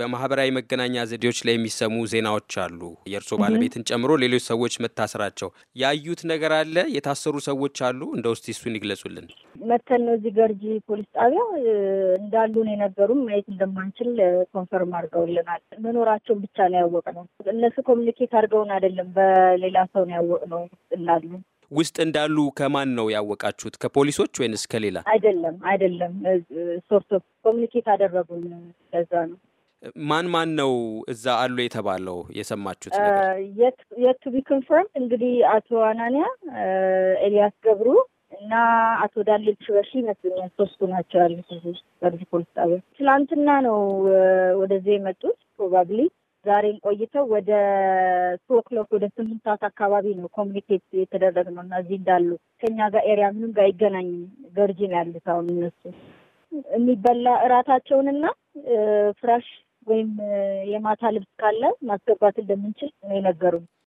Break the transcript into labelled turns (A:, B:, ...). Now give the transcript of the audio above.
A: በማህበራዊ መገናኛ ዘዴዎች ላይ የሚሰሙ ዜናዎች አሉ። የእርስዎ ባለቤትን ጨምሮ ሌሎች ሰዎች መታሰራቸው ያዩት ነገር አለ? የታሰሩ ሰዎች አሉ? እንደ ውስጥ እሱን ይግለጹልን።
B: መተን ነው እዚህ ገርጂ ፖሊስ ጣቢያ እንዳሉን የነገሩም። ማየት እንደማንችል ኮንፈርም አድርገውልናል። መኖራቸውን ብቻ ነው ያወቅ ነው። እነሱ ኮሚኒኬት አድርገውን አይደለም፣ በሌላ ሰው ነው ያወቅ ነው እንዳሉ
A: ውስጥ እንዳሉ ከማን ነው ያወቃችሁት? ከፖሊሶች ወይንስ ከሌላ?
B: አይደለም አይደለም፣ ሶርት ኦፍ ኮሚኒኬት አደረጉን። ለዛ ነው
A: ማን ማን ነው እዛ አሉ የተባለው? የሰማችሁት
B: ነገር የቱ ቢ ኮንፈርም እንግዲህ አቶ አናንያ ኤልያስ ገብሩ እና አቶ ዳንኤል ሽበሺ ይመስለኛል ሶስቱ ናቸው ያሉት ጠርጅ ፖሊስ ጣቢያ። ትላንትና ነው ወደዚህ የመጡት ፕሮባብሊ ዛሬን ቆይተው ወደ ቱ ኦክሎክ ወደ ስምንት ሰዓት አካባቢ ነው ኮሚኒኬት የተደረግ ነው እና እዚህ እንዳሉ ከኛ ጋር ኤሪያ ምንም ጋር አይገናኝም። ገርጂ ነው ያሉት አሁን እነሱ የሚበላ እራታቸውንና ፍራሽ ወይም የማታ ልብስ ካለ ማስገባት እንደምንችል ነው የነገሩን።